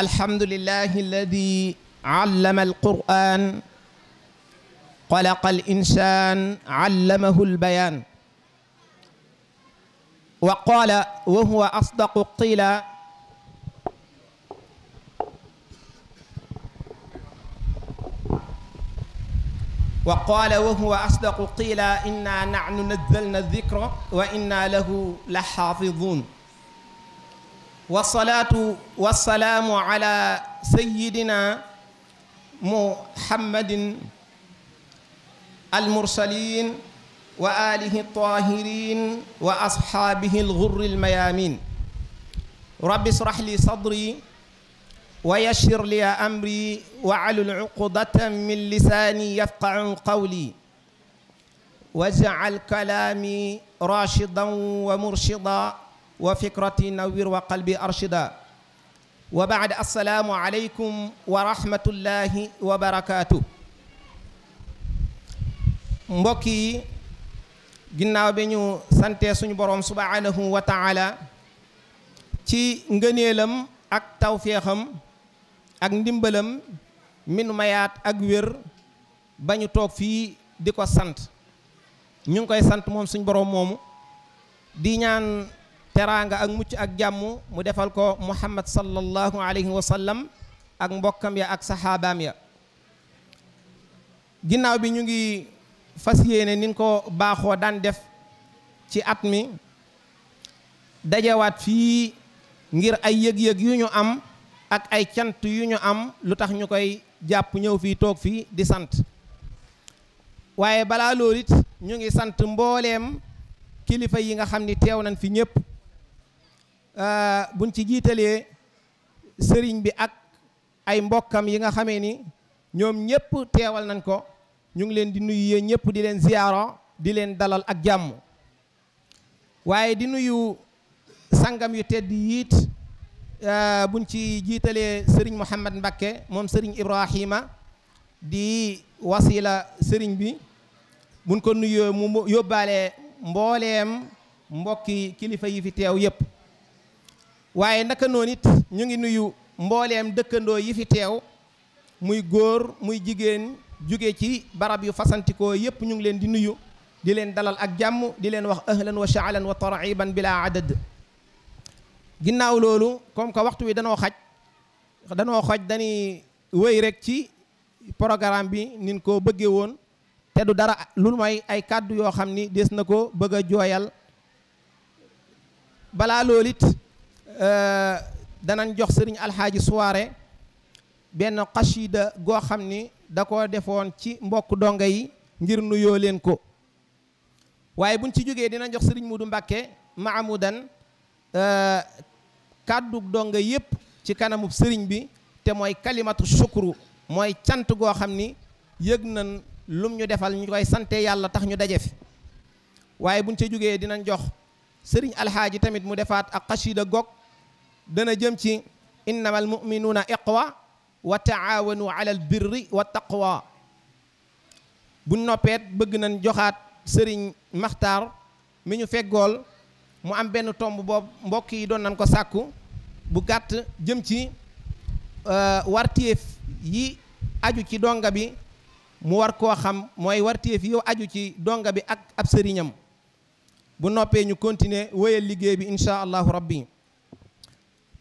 الحمد لله الذي علم القرآن خلق الإنسان علمه البيان وقال وهو أصدق قيل وقال وهو أصدق قيل إنا نحن نزلنا الذكر وإنا له لحافظون والصلاة والسلام على سيدنا محمد المرسلين وآله الطاهرين وأصحابه الغر الميامين رب اشرح لي صدري ويشر لي أمري وعل عقدة من لساني يفقع قولي واجعل كلامي راشدا ومرشدا وفكرتي نوّر وقلبي أرشدا وبعد السلام عليكم ورحمة الله وبركاته mbokk yi ginnaaw bi ñu sante suñu boroom subhaanahu wa taala ci ngëneelam ak tawféexam ak ndimbalam minu mayaat ak wér ba ñu toog fii di ko sant ñu ngi koy sant moom suñu boroom moomu di ñaan teraanga ak mucc ak jàmm mu defal ko muhammad sallallahu alayhi wa sallam ak mbokkam ya ak saxaabaam ya ginnaaw bi ñu ngi fas yéene nin ko baaxoo daan def ci at mi dajawaat fii ngir ay yëg-yëg yu ñu am ak ay cant yu ñu am lu tax ñu koy jàpp ñëw fii toog fii di sant waaye balaa loolu it ñu ngi sant mbooleem kilifa yi nga xam ni teew nañ fi ñëpp Euh, buñ ci jiitalee sëriñ bi ak ay mbokkam yi nga xamee ni ñoom ñëpp teewal nañ ko ñu ngi leen di nuyu yéen ñëpp di leen ziyaaro di leen dalal ak jàmm waaye di nuyu sangam yu tedd yiit euh, buñ ci jiitalee sëriñ Mouhamad Mbakke moom sëriñ Ibrahima di wasila sëriñ bi buñ ko nuyoo mu yóbbaale mbooleem mbokki kilifa yi fi teew yëpp waaye naka noonu it ñu ngi nuyu mbooleem dëkkandoo yi fi teew muy góor muy jigéen jóge ci barab yu fasantikoo yépp ñu ngi leen di nuyu di leen dalal ak jàmm di leen wax ahlan wa sahlan wa tarxiban bilaa adad ginnaaw loolu comme que waxtu wi danoo xaj danoo xaj dañuy wéy rek ci programme bi nin ko bëggee woon te du dara lu mooy ay kàddu yoo xam ni des na ko bëgg a jooyal balaa loolu it Euh, danañ jox sëriñ alxaaji soirée benn xasida goo xam ni da koo defoon ci mbokk donga yi ngir nuyoo leen ko waaye buñ ci jógee dinañ jox sëriñ Mudu Mbàkke Maamudan euh, kàddu donga yépp ci kanamub sëriñ bi te mooy kalimatu shukru mooy cant goo xam ni yëg nañ lum ñu defal ñu koy sante yàlla tax ñu daje fi waaye buñ ca jógee dinañ jox sëriñ alxaaji tamit mu defaat ak xasida gog دنا جمتي انما المؤمنون اقوى وتعاونوا على البر والتقوى بو نوبيت بغ نان جوخات سيرين مختار مينو فيغول مو ام بن توم بوب مبوكي دونان نان كو ساكو بو غات جمتي آه، وارتيف يي اديو تي دونغا بي مو وار كو خام موي وارتيف يو اديو تي دونغا بي اك اب بنو بو نوبي ني كونتينيه اللي ليغي بي ان شاء الله ربي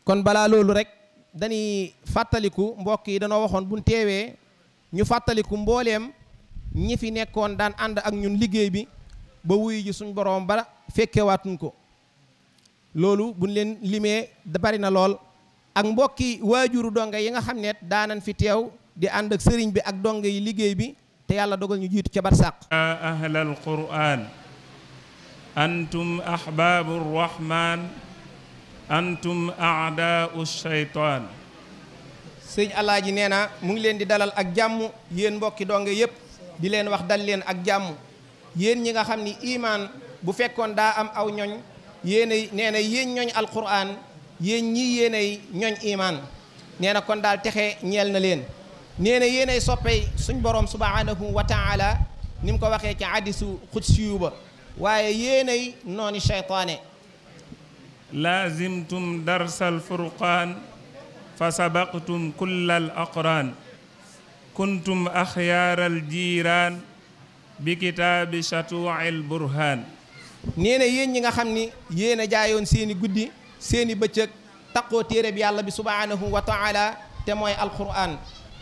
kon balaa loolu rek dañuy fàttaliku mbokk yi danoo waxoon bu buñ teewee ñu fàttaliku mbooleem ñi fi nekkoon daan ànd ak ñun liggéey bi ba wuyu ji suñ borom ba fekkewaatuñ ko loolu buñ leen limee bari na lool ak mbokki waajuru donga yi nga xam ne daanan fi teew di ànd ak sëriñ bi ak donga yi liggéey bi te yàlla dogal ñu jiitu ca barsàq ya ahlal quraan antum ahbaabu rahmaan antum aadaau shaytaan sëñ alaaji nee na mu ngi leen di dalal ak jàmm yéen mbokki donge yépp di leen wax dal leen ak jàmm yéen ñi nga xam ni imaan bu fekkoon daa am aw ñoñ yéenay nee na yéen ñoñ alquran yéen ñii yéenay ñoñ imaan nee na kon daal texe ñeel na leen nee na yéenay soppey suñ borom subhanahu wa taala ni mu ko waxee ci hadisu xudsi yu ba waaye yéenay nooni shaytaane laazimtum darsal furqaan fa sabaqtum kullal aqraan kuntum axyaaral jiiraan bi kitaabi shatuuil burhaan nee na yéen ñi nga xam ni yéen a jaayoon seeni guddi seeni bëccëg taqoo téere bi yàlla bi subhaanahu wa taala te mooy alquran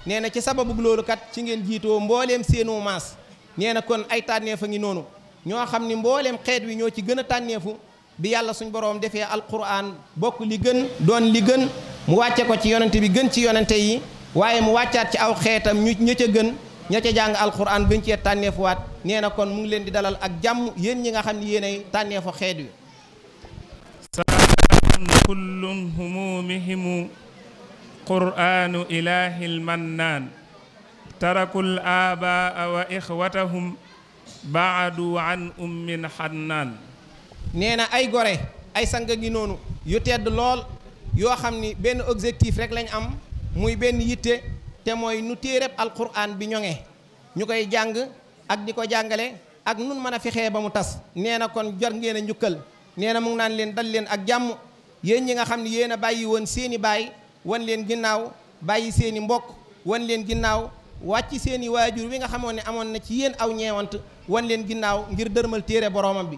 nee na ci sababu loolu kat ci ngeen jiitoo mbooleem seenu maas nee kon ay tànneef ngi noonu ñoo xam ni mbooleem xeet wi ñoo ci gën a tànneefu bi yalla suñ borom defé alquran bokk li gën doon li gën mu wacce ko ci yonenté bi gën ci yonenté yi waye mu waccat ci aw xéetam ñu ña gën ña jang alquran buñ ci tànneefuwaat nee néna kon mu ngi leen di dalal ak jamm yeen ñi nga xamni yeené yéen ay tànneefu xeet kullum humumihim quranu ilahi lmannaan tarakul aba wa ikhwatahum baadu an ummin hannan nee na ay gore ay sang ngi noonu yu tedd lool yoo xam ni benn objectif rek lañ am muy benn yitte te mooy nu téereb alquran bi ñoŋe ñu koy jàng ak di ko jàngale ak nun mën a fexe ba mu tas nee na kon jar ngeen njukkal nee na mu ngi naan leen dal leen ak jàmm yéen ñi nga xam ne yéen a bàyyi woon seeni baay wan leen ginnaaw bàyyi seeni mbokk wan leen ginnaaw wàcc seeni waajur wi nga xamoon ne amoon na ci yéen aw ñeewant wan leen ginnaaw ngir dërmal téere boroomam bi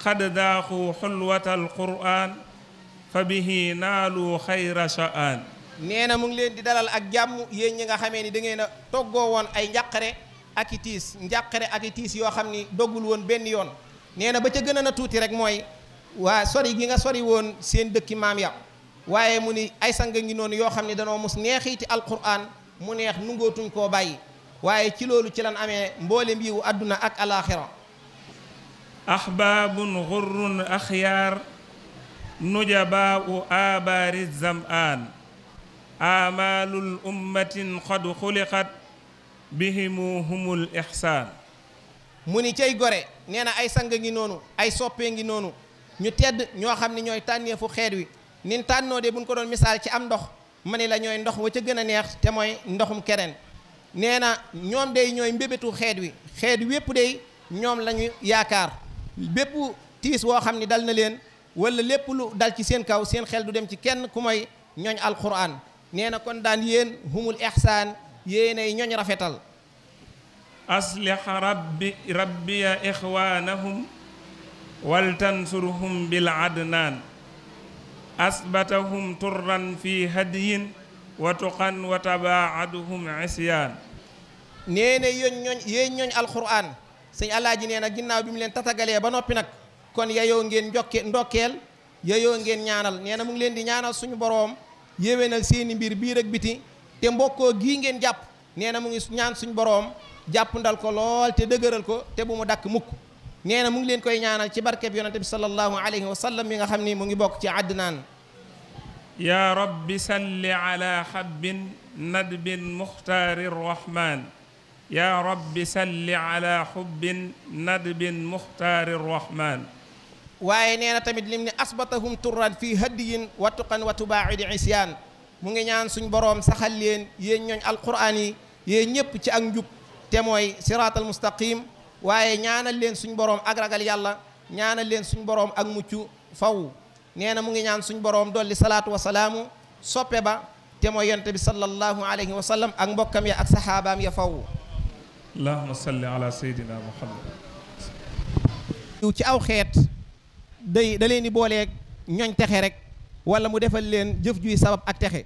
qad daaxu xulwata alquran fa bihi naalu xayra sha'an nee na mu ngi leen di dalal ak jàmm yéen ñi nga xamee ni da ngeen a toggoo woon ay njàqare ak i tiis njàqare ak i tiis yoo xam ni doggul woon benn yoon nee na ba ca gën na tuuti rek mooy waa sori gi nga sori woon seen dëkki maam ya waaye mu ni ay sang ngi noonu yoo xam ne danoo mus neexiiti alquran mu neex nungootuñ koo bàyyi waaye ci loolu ci lan amee mboole yiwu àdduna ak alaaxira ahbaabun xurrun axyaar nujabaau aabaari zamaan aamaalul ummatin xad xuliqat bihimu humul ixsaan mu ni cay gore nee na ay sang ngi noonu ay soppee ngi noonu ñu tedd ñoo xam ne ñooy tànneefu xeet wi nin tànnoo de buñ ko doon misaal ci am ndox ma ni la ñooy ndox wa ca gën a neex te mooy ndoxum keneen nee na ñoom day ñooy mbébétu xeet wi xeet wépp day ñoom lañu yaakaar bépp tiis woo xam ni dal na leen wala lépp lu dal ci seen kaw seen xel du dem ci kenn ku may ñooñ alquran nee na kon daan yéen humul ihsaan yéenay ñooñ rafetal aslih rabbi rabbiya ixwaanahum waltansurhum bil asbatahum turran fi hadiyin wa tuqan wa tabaaduhum isyan nee na yéen ñooñ yéen ñooñ alquran sëñ alaaji nee na ginnaaw bi mu leen tatagalee ba noppi nag kon yayoo ngeen njokke ndokkeel yayoo ngeen ñaanal nee na mu ngi leen di ñaanal suñu boroom yéwénal seeni mbir biir ak biti te mbokkoo gii ngeen jàpp nee na mu ngi ñaan suñu boroom jàpp ndal ko lool te dëgëral ko te bu mu dakk mukk nee mu ngi leen koy ñaanal ci barkeb yonente bi sallallahu alayhi wa sallam mi nga xam mu ngi bokk ci àddinaan ya rabbi salli ala habbin nadbin muxtaari rahman يا رب سل على حب ندب مختار الرحمن واي نانا تاميت ليمني اثبتهم ترا في هدي وتقا وتباعد عصيان موغي نان سوني بروم ساخال لين يي نيون القران يي نييب تي اك نجوب تي موي صراط المستقيم واي نانا لين سوني بروم اك راغال يالا نانا لين سوني بروم اك موتيو فاو نانا موغي نان سوني بروم دولي صلاه وسلام سوبي با تي موي ينتبي صلى الله عليه وسلم اك مبوكام يا اك صحابام يا فاو allahumma salli ala sayyidina muhammad yiw ci aw xeet day da leen di booleeg ñooñ texe rek wala mu defal leen jëf juy sabab ak texe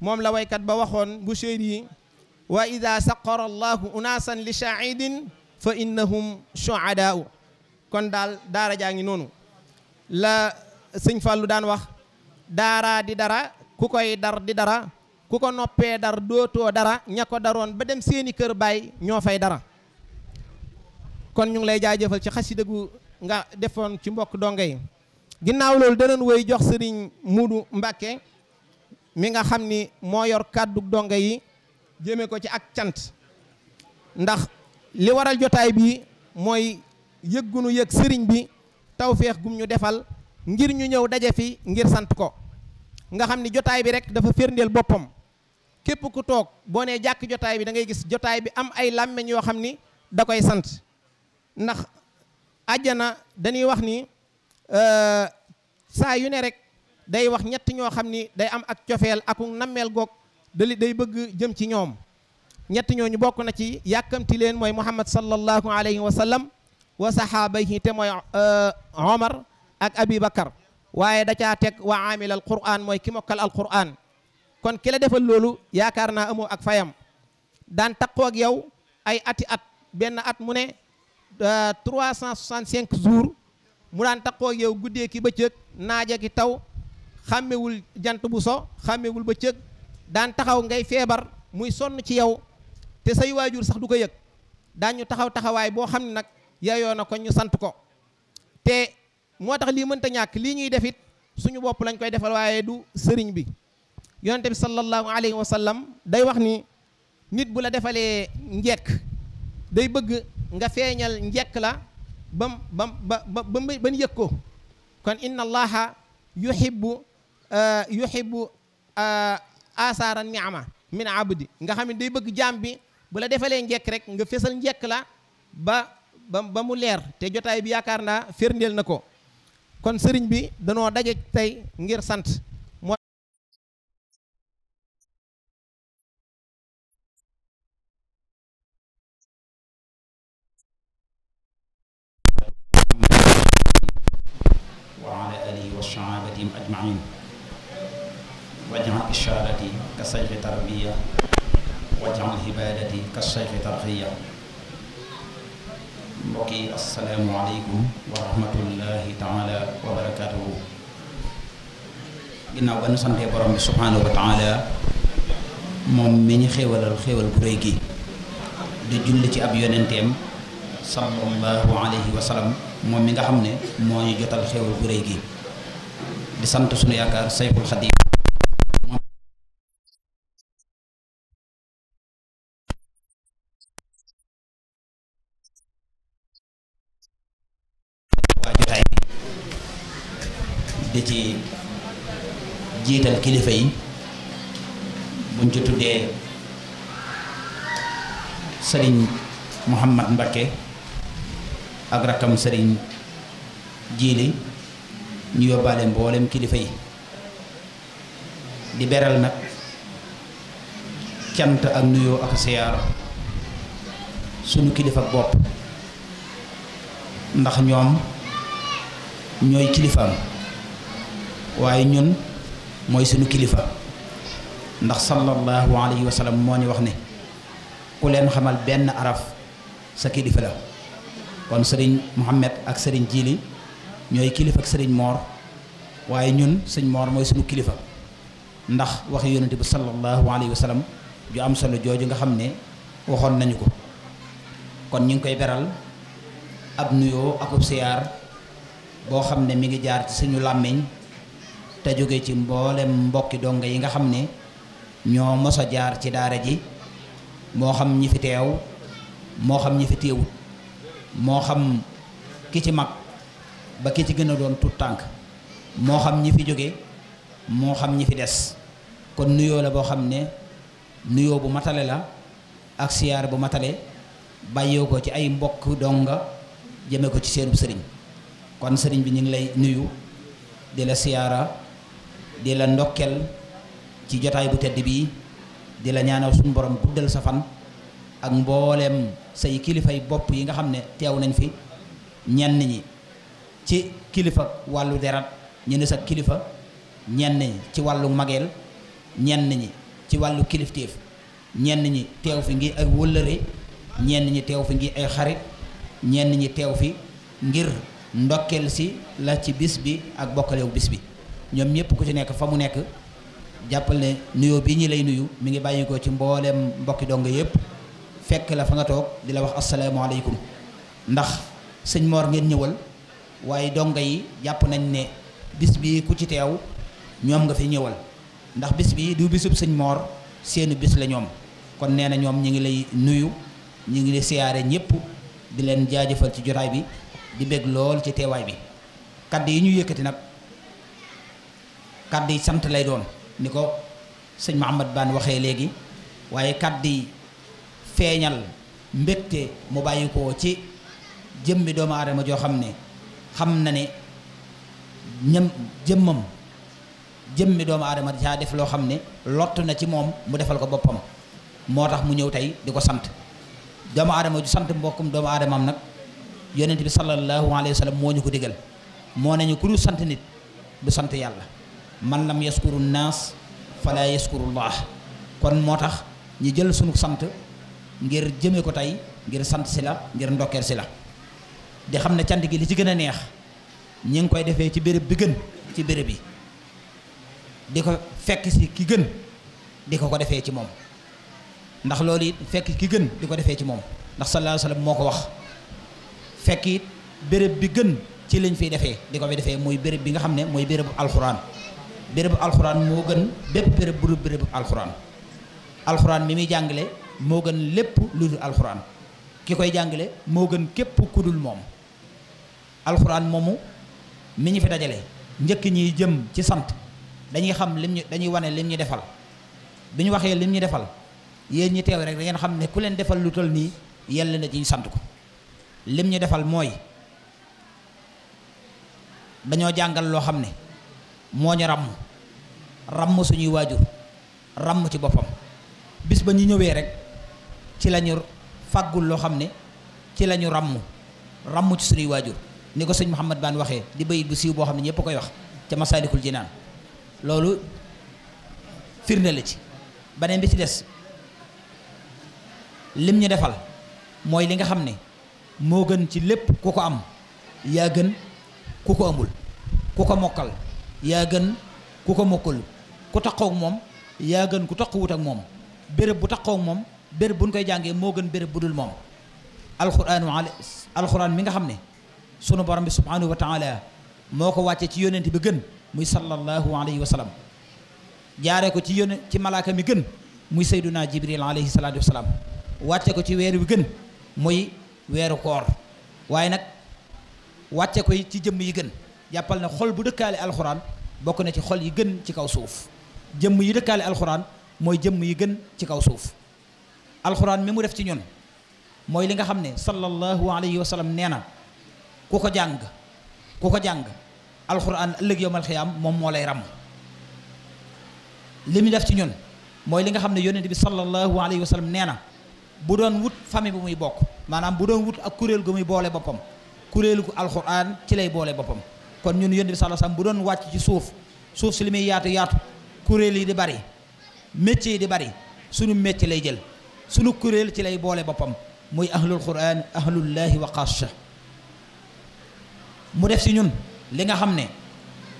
moom la waykat ba waxoon bu séer yi wa ida saqara allahu unaasan li shaidin fa innahum shuadaa kon daal daara jaa ngi noonu la sëñ Fallou daan wax daara di dara ku koy dar di dara ku ko noppee dar dootoo dara ña ko daroon ba dem seeni kër baay ñoo fay dara kon ñu ngi lay jaajëfal ci xasida gu nga defoon ci mbokk donga yi ginnaaw loolu danañ woy jox sëriñ Muudu Mbàkke mi nga xam ni moo yor kàddu donga yi jëme ko ci ak cant ndax li waral jotaay bi mooy yëggunu yëg sëriñ bi tawféex gum ñu defal ngir ñu ñëw daje fi ngir sant ko nga xam ni jotaay bi rek dafa firndeel boppam képp ku toog boo ne jàkk jotaay bi dangay gis jotaay bi am ay làmmeñ yoo xam ni da koy sant ndax àjjana dañuy wax ni euh, saa yu ne rek day wax ñett ñoo xam ni day am ak cofeel ak nammeel goog dali day bëgg jëm ci ñoom ñetti ñoo ñu bokk na ci yàkkamti leen mooy muhammad sallallahu alayhi wa sallam wa saxaabayhi te mooy euh, omar ak abi bakar waaye da teg wa amil al quran mooy ki al quran kon ki la defal loolu yaakaar naa amoo ak fayam daan taqoo yow ay ati at benn at mu ne 365 euh, jours mu daan taqoo ak yow guddee ki bëccëg naaja ki taw xàmmewul jant bu so xàmmewul bëccëg daan taxaw ngay feebar muy sonn ci yow te say waajur sax du ko yëg daan ñu taxaw taxawaay boo xam ne nag yayoo na ko ñu sant ko te moo tax lii mënta ñàkk lii ñuy defit suñu bopp lañ koy defal waaye du sëriñ bi yonente bi sallallahu alayhi wa sallam day wax ni nit bu la defalee njekk day bëgg nga feeñal njekk la bam ba ba yëg ko kon inna allaha yuhibbu uh, yuhibbu uh, asaara niama min abdi nga xam ne day bëgg jaam bi bu la defalee njekk rek nga feesal njekk la ba ba mu leer te jotaay bi yaakaar naa firndeel na ko kon sëriñ bi danoo daje tey ngir sant أجمعين واجعل إشارتي كصيغ تربية واجعل هبالتي كصيغ ترقية بقي السلام عليكم ورحمة الله تعالى وبركاته إن أبنى سنتي برم سبحانه وتعالى من من خيول الخيول بريكي دي جلة أبي ينتم صلى الله عليه وسلم من من خمنة ما يجتال خيول بريكي di sant sunu yaakaar Sayful Xadim di ci jiital kilifa yi buñ ci tuddee sëriñ Muhammad Mbakke ak rakkam sëriñ Jiili ñu yobale mbolem kilifa yi di beral nak cyant ak nuyo ak siyaara sunu kilifa bop ndax ñom ñoy kilifa waye ñun moy sunu kilifa ndax sallallahu alaihi wasallam mo ñu wax ne ku len xamal ben araf sa kilifa la kon serigne Muhammad ak serigne Jili ñooy kilifa ak sëriñ moor waaye ñun sëñ moor mooy suñu kilifa ndax waxi yonente bi sallallahu alayhi wa sallam ju am solo jooju nga xam ne waxoon nañu ko kon ñu ngi koy beral ab nuyoo akub siyaar boo xam ne mi ngi jaar ci suñu làmmiñ te jóge ci mboolem mbokki donga yi nga xam ne ñoo mos a jaar ci daara ji moo xam ñi fi teew moo xam ñi fi teewut moo xam ki ci mag ba ki ci gën a doon tut tànk moo xam ñi fi jóge moo xam ñi fi des kon nuyoo la boo xam ne nuyoo bu matale la ak siyaar bu matale bàyyoo ko ci ay mbokk donga jëme ko ci seenub sëriñ kon sëriñ bi ñu ngi lay nuyu di la siyaara di la ndokkel ci jotaay bu tedd bii di la ñaanal suñu borom guddal sa fan ak mbooleem say kilifay bopp yi nga xam ne teew nañ fi ñenn ñi ci kilifa wàllu derat ñu ne sa kilifa ñenn ñi ci wàllu mageel ñenn ñi ci wàllu kilifteef ñenn ñi teew fi ngir ay wëllëre ñenn ñi teew fi ngir ay xarit ñenn ñi teew fi ngir ndokkeel si la ci bis bi ak bokkalewu bis bi ñoom ñëpp ku ci nekk fa mu nekk jàppal ne nuyoo bii ñi lay nuyu mi ngi bàyyi ko ci mbooleem mbokki dong yëpp fekk la fa nga toog di la wax asalaamaaleykum ndax sëñ moor ngeen ñëwal waaye donga yi jàpp nañ ne bis bi ku ci teew ñoom nga fi ñëwal ndax bis bi du bisub sëñ moor seenu bis la ñoom kon nee na ñoom ñu ngi lay nuyu ñu ngi lay siyaare ñëpp di leen jaajëfal ci jotaay bi di bég lool ci teewaay bi kaddu yi ñu yëkkati nag kaddu yi sant lay doon ni ko sëñ Mouhamad Bane waxee léegi waaye kaddu yi feeñal mbégte mu bàyyi ko ci jëmmi doomu aadama joo xam ne xam na ne ñëm jëmmam jëmmi doomu aadama caa def loo xam ne lott na ci moom mu defal ko boppam moo tax mu ñëw tey di ko sant doomu aadama ju sant mbokkum doomu aadamam nag yonent bi sallallahu alayhi wa moo ñu ko digal moo nañu ku dul sant nit du sant yàlla man lam yaskuru naas fala yaskuru llah kon moo tax ñu jël sunu sant ngir jëme ko tey ngir sant si la ngir ndokkeel si la di xam ne cant gi li ci gën a neex ñi ngi koy defee ci béréb bi gën ci béréb yi di ko fekk si ki gën di ko ko defee ci moom ndax loolu it fekk ki gën di ko defee ci moom ndax sallallahu alayhi wasallam moo ko wax fekk it béréb bi gën ci lañ fiy defee di ko fi defee mooy béréb bi nga xam ne mooy bérébu alxuraan bérébu alxuraan moo gën bépp béréb bu bérébu alxuraan alxuraan bi muy jàngale moo gën lépp lu dul alxuraan ki koy jàngale moo gën képp kudul moom alxuraan moomu mi ñu fi dajale njëkk ñuy jëm ci sant dañuy xam lim ñu dañuy wane lim ñu defal bi ñu waxee lim ñu defal yéen ñu teew rek da ngeen xam ne ku leen defal lu toll nii yell na ci ñu sant ko lim ñu defal mooy dañoo jàngal loo xam ne moo ñu ràmm ràmm suñuy waajur ràmm ci boppam bis ba ñu ñëwee rek ci la fàggul loo xam ne ci la ñu ràmm ràmm ci suñuy waajur ni ko sëñ Mouhamad Baan waxee di bayit bu siiw boo xam ne ñëpp koy wax ca Masaalikul Jinaan loolu firnde la ci beneen bi ci des lim ñu defal mooy li nga xam ne moo gën ci lépp ku ko am yaa gën ku ko amul ku ko mokkal yaa gën ku ko mokkul ku taqoog moom yaa gën ku wut ak moom béréb bu taqoog moom béréb buñ koy jàngee moo gën béréb bu dul moom alxuraanu alxuraan mi nga xam ne sunu borom bi subhanahu wa taala moko wàcce ci yonenti bi gën muy sallallahu alayhi wa salam jaare ko ci yon ci malaaka mi gën muy sayyiduna jibril alayhi salatu wa salam wàcce ko ci weer wi gën muy wëru koor waye nak wàcce ko ci jëm yi gën jàppal na xol bu dekkale alquran bokku na ci xol yi gën ci kaw suuf jëm yi dekkale alquran moy jëm yi gën ci kaw suuf alquran mi mu def ci ñun moy li nga xamne sallallahu alayhi wa sallam neena ku ko jàng ku ko jàng alxuraan ëllëg yowmal xiyaam moom moo lay ram li mu def ci ñun mooy li nga xam ne yonent bi sallallahu alayhi wa sallam nee na bu doon wut famille bu muy bokk maanaam bu doon wut ak kuréel gu muy boole boppam kuréel gu alxuraan ci lay boole boppam kon ñun yonent bi sallallahu alayhi wa bu doon wàcc ci suuf suuf si li yaatu yaatu kuréel yi di bari métier di bari sunu métier lay jël sunu kuréel ci lay boole boppam muy ahlul quran ahlullahi wa xaasha mu def si ñun li nga xam ne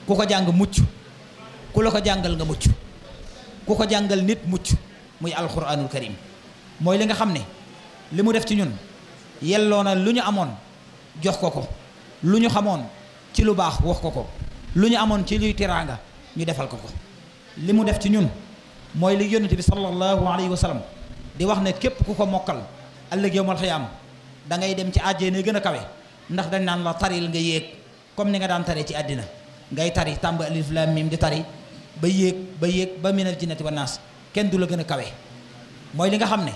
ku ko jàng mucc ku la ko jàngal nga mucc ku ko jàngal nit mucc muy alquranul karim mooy li nga xam ne li mu def ci ñun yelloo na lu ñu amoon jox ko ko lu ñu xamoon ci lu baax wax ko ko lu ñu amoon ci luy teraanga ñu defal ko ko li mu def ci ñun mooy li yonent bi sallallahu alayhi wa sallam di wax ne képp ku ko mokkal ëllëg yowmal xiyaam da ngay dem ci àjjana gën a kawe ndax dañ naan la taril nga yéeg comme ni nga daan tare ci àddina ngay tari tàmb alif lam mim di tari ba yéeg ba yéeg ba minal jinnati wa naas kenn du la gën a kawe mooy li nga xam ne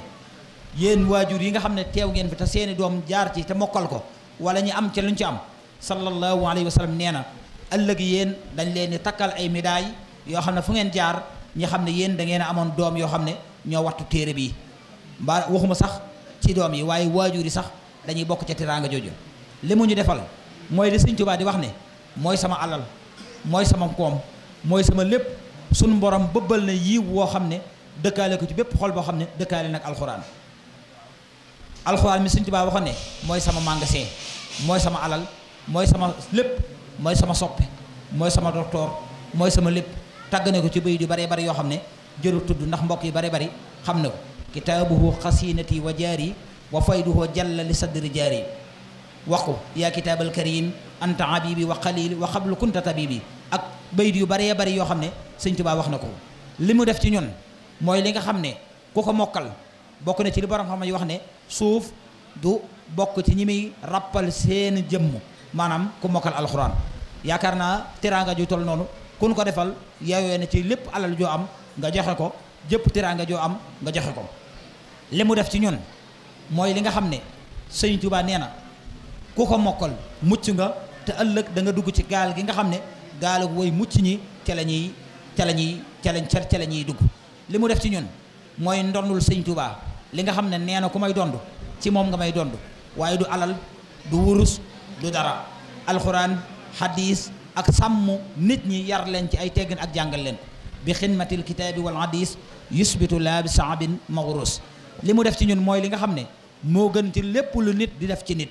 yéen waajur yi nga xam ne teew ngeen fi te seeni doom jaar ci te mokkal ko wala ñu am ca lu ñu ci am sallallahu alayhi wa sallam nee na ëllëg yéen dañ leen takkal ay médailles yoo xam ne fu ngeen jaar ñi xam ne yéen da ngeen a amoon doom yoo xam ne ñoo wattu téere bii mbaa waxuma sax ci doom yi waaye waajur yi sax dañuy bokk ca teraanga jooju li mu ñu defal mooy li sëñ Tuubaa di wax ne mooy sama alal mooy sama koom mooy sama lépp sunu borom bëbbal na yiw woo xam ne dëkkaale ko ci bépp xool boo xam ne dëkkaale nag alxuraan alxuraan mi sëñ Tuubaa waxoon ne mooy sama magasin mooy sama alal mooy sama lépp mooy sama soppe mooy sama docteur mooy sama lépp tàgg ne ko ci béy yu baree bari yoo xam ne jëru tudd ndax mbokk yi bare bari xam na ko kitaabuhu xasinati wa yi wa fayduhu jalla li jaar jaari wax ko yaa kitaabal karim anta habibi wa xalili wa xablu kunta tabibi ak bayit yu baree bari yoo xam ne sëñ Tuubaa wax na ko li mu def ci ñun mooy li nga xam ne ku ko mokkal bokk na ci li borom yi wax ne suuf du bokk ci ñi muy rappal seen jëmm maanaam ku mokkal alxuraan yaakaar naa teraanga ju toll noonu kun ko defal yaayoo na ci lépp alal joo am nga joxe ko jëpp teraanga joo am nga joxe ko li mu def ci ñun mooy li nga xam ne sëñ Tuubaa nee na ku ko mokkal mucc nga te ëllëg da nga dugg ci gaal gi nga xam ne gaalug way mucc ñi ca la ca la ca lañ ca la ñuy dugg li mu def ci ñun mooy ndondul sëñ Tuubaa li nga xam ne nee na ku may dond ci moom nga may dond waaye du alal du wurus du dara alxuraan xadiis ak sàmm nit ñi yar leen ci ay teggin ak jàngal leen bi xidmatil kitaabi wal xadiis yusbitu laa bi saabin mawrus li mu def ci ñun mooy li nga xam ne moo gën ci lépp lu nit di def ci nit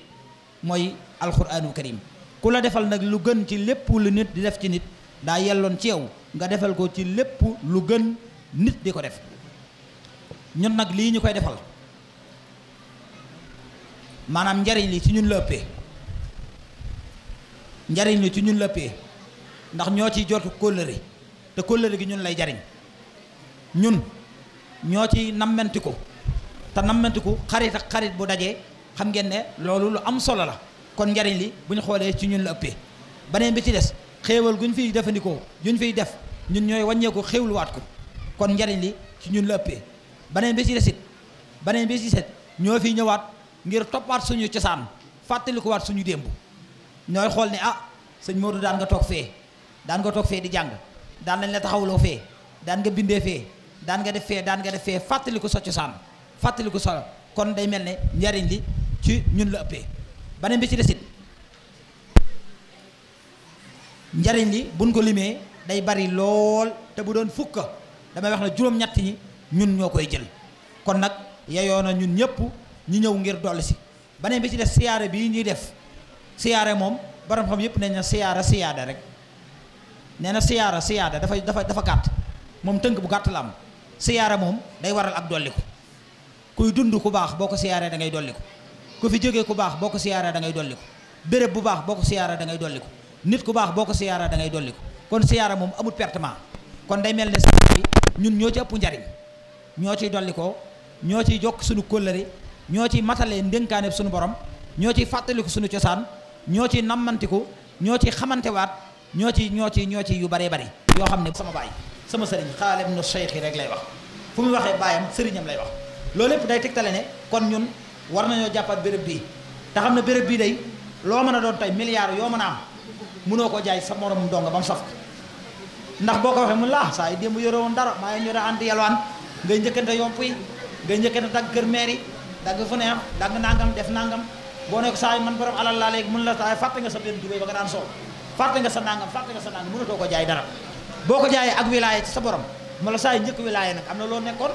mooy alxuraanul karim ku la defal nag lu gën ci lépp lu nit di def ci nit daa yelloon ci yow nga defal ko ci lépp lu gën nit di ko def ñun nag lii ñu koy defal maanaam njariñ li ci ñun la ëppee njariñ li ci ñun la ëppee ndax ñoo ci jot kóllëre te kóllëre gi ñun lay jariñ ñun ñoo ci nammantiku te nammantiku xarit ak xarit bu dajee xam ngeen ne loolu lu am solo la kon njariñ li bu ñu xoolee ci ñun la ëppee beneen bi ci des xéewal gu ñu fiy defandikoo yu ñu fiy def ñun ñooy waññeeku xéewluwaat ko kon njariñ li ci ñun la ëppee beneen bi ci des it beneen bi ci set ñoo fiy ñëwaat ngir toppaat suñu cosaan fàttalikuwaat suñu démb ñooy xool ne ah sëñ Modou daan nga toog fee daan nga toog fee di jàng daan lañ la taxawloo fee daan nga bindee fee daan nga def fee daan nga def fee fàttaliku sa cosaan fàttaliku sa kon day mel ne njariñ li ci ñun la uppé banen bi ci desit njariñ li buñ ko limé day bari lool té bu doon fukk dama wax na juroom ñatt ñi ñun ñokoy jël kon nak yeyoo ñun ñëpp ñi ñëw ngir doli ci banen bi ci def siyaare bi ñi def siyaare mom borom xam yépp nañ na siyaara siyaada rek siyaara dafa dafa dafa gatt mom teunk bu gatt la am siyaara mom day waral ak dolliku kuy dund ku bax boko ko da ngay ku fi jógee ku baax boo ko siyaara da ngay dolli ko béréb bu baax boo ko siyaara da ngay dolli ko nit ku baax boo ko siyaara da ngay dolli ko kon siyaara moom amut pertement kon day mel ne siyaara bi ñun ñoo ci ëpp njariñ ñoo ciy dolli ko ñoo ciy jokk suñu kóllëre ñoo ciy matalee ndénkaane suñu borom ñoo ciy fàttaliku suñu cosaan ñoo ciy nammantiku ñoo ciy xamantewaat ñoo ci ñoo ci ñoo ci yu baree bari yoo xam ne sama baay sama sëriñ xaalem nu cheikh rek lay wax fu mu waxee baayam sëriñam lay wax loolu lépp day tegtale ne kon ñun war nañoo jàppaat béréb bii te xam ne bërëb bii dey loo mën a doon tey milliards yoo mën a am mënoo ko jaay sa moroom dong ba mu saf ndax boo ko waxee mu laa saa yi démb yore woon dara maa ngi ñore ànd yalwaan ngay njëkkante yomp yi ngay njëkkante kër maire yi dagg fu neex dagg nangam def nangam boo nekk saa man borom alal laa léegi mun la saa yi fàtte nga sa ba nga daan soow fàtte nga sa nangam fàtte nga sa nangam mënatoo ko jaay dara boo ko jaayee ak wilaaye sa borom ma la saa yi njëkk wilaaye nag am na loo nekkoon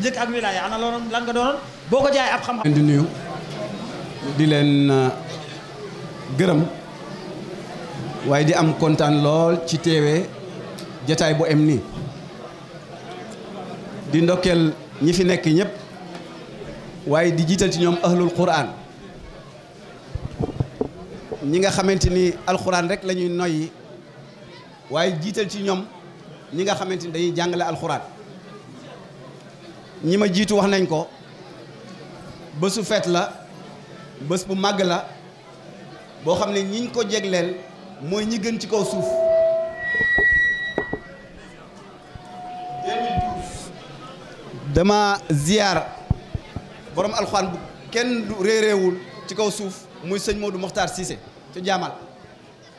njëkk ak wilaaya ana loolu lan nga doonoon boo ko jaayee ab xam-xam. di nuyu di leen uh, gërëm waaye di am kontaan lool ci teewe jataay bu em nii di ndokkeel ñi fi nekk ñëpp waaye di jiital ci ñoom ahlul quran ñi nga xamante ni alxuraan rek lañuy ñuy noyyi waaye jiital ci ñoom ñi nga xamante ni dañuy jàngale alxuraan ñi ma jiitu wax nañ ko bésu feet la bés bu màgg la boo xam ne ñiñ ko jegleel mooy ñi gën ci kaw suuf dama ziyaar borom alxuraan bu kenn du réeréewul ci kaw suuf muy sëñ du Mokhtar Cissé ci jaamal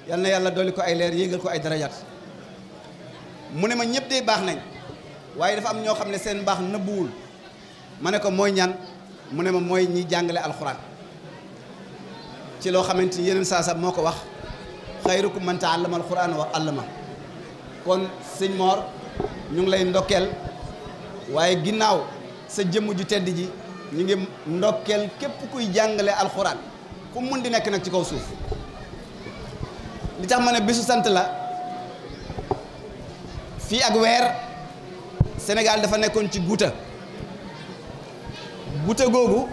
yal na yàlla dolli ko ay leer yéegal ko ay darajaat mu ne ma ñëpp de baax nañ waaye dafa am ñoo xam ne seen mbaax nëbbuwul ma ne ko mooy ñan mu ne ma mooy ñi jàngale alxuraan ci loo xamante ni yeneen saa sa moo ko wax xayrukum man taallama alxuraan wa allama kon sëñ Mor ñu ngi lay ndokkeel waaye ginnaaw sa jëmm ju tedd ji ñu ngi ndokkeel képp kuy jàngale alxuraan fu mun di nekk nag ci kaw suuf li tax ma ne bisu sant la fii ak weer. Sénégal dafa nekkon ci gouta gouta gogou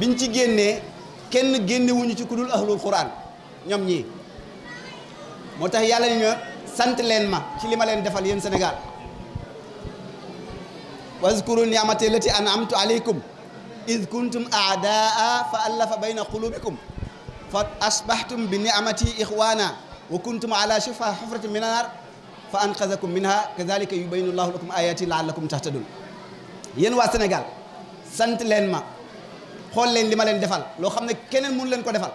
biñ ci génné kenn génné wuñu ci kudul ahlul quran ñom ñi motax yàlla ñu sant leen ma ci lima leen defal yéen Sénégal واذكروا ni'mati التي انعمت عليكم اذ كنتم اعداء فالف بين قلوبكم فاصبحتم بنعمتي اخوانا وكنتم على شفا حفره من النار فانقذكم منها كذلك يبين الله لكم اياتي لعلكم تهتدون ين وا سنغال سنت لين ما خول لين لي ما لين ديفال لو خامن كينن مون لين كو ديفال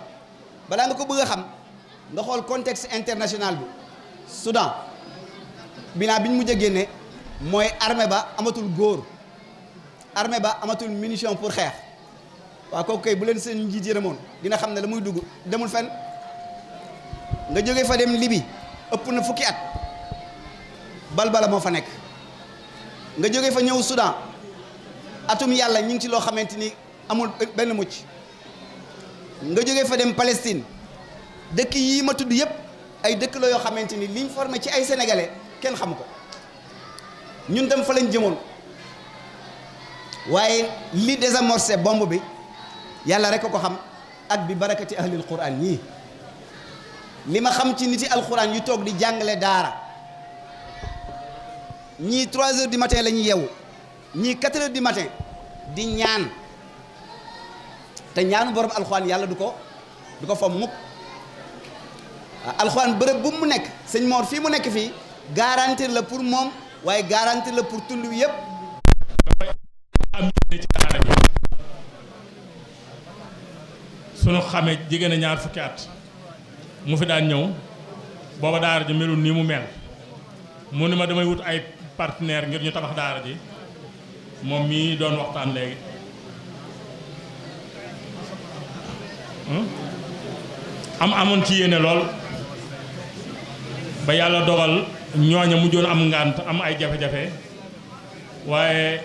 بلا نكو بوغا خام دا خول كونتكست انترناسيونال بي السودان بنا بين مو جيغي ني موي ارمي با اماتول غور ارمي با اماتول مينيشن فور خيخ وا كوكاي كي بولين سن نجي جيرمون دينا خامن لا موي دوغ دمول فن nga joge fa dem libi ëpp na fukki at balbala moo fa nekk nga jóge fa ñëw Soudan atum yàlla ñu ngi ci loo xamante ni amul benn mucc nga jóge fa dem Palestine dëkk yii ma tudd yëpp ay dëkk la yoo xamante ni liñ formé ci ay sénégalais kenn xam ko ñun dem fa lañ jëmoon waaye li désamorcé bomb bi yàlla rek a ko xam at bi barakati ahlil quran ñii li ma xam ci niti alquran yu toog di jàngale daara ñii trois heures du matin la ñuy ñii quatre heures du matin di ñaan te ñaan borom alxuraan yàlla du ko du ko fomm mukk ah, alxuraan bërëb bu mu nekk sëñ Mor fii mu nekk fii garantir la pour moom waaye garantir la pour tund wi yëpp. sunu xamee jigéen a ñaar fukki at mu fi daan ñëw booba daara ji melul nii mu mel mu ni ma damay wut ay partner ngir ñu tabax daara ji mom mi doon waxtaan legi hmm? am amon ci yene lol ba yalla dogal mu joon am ngant am ay jafe-jafe waye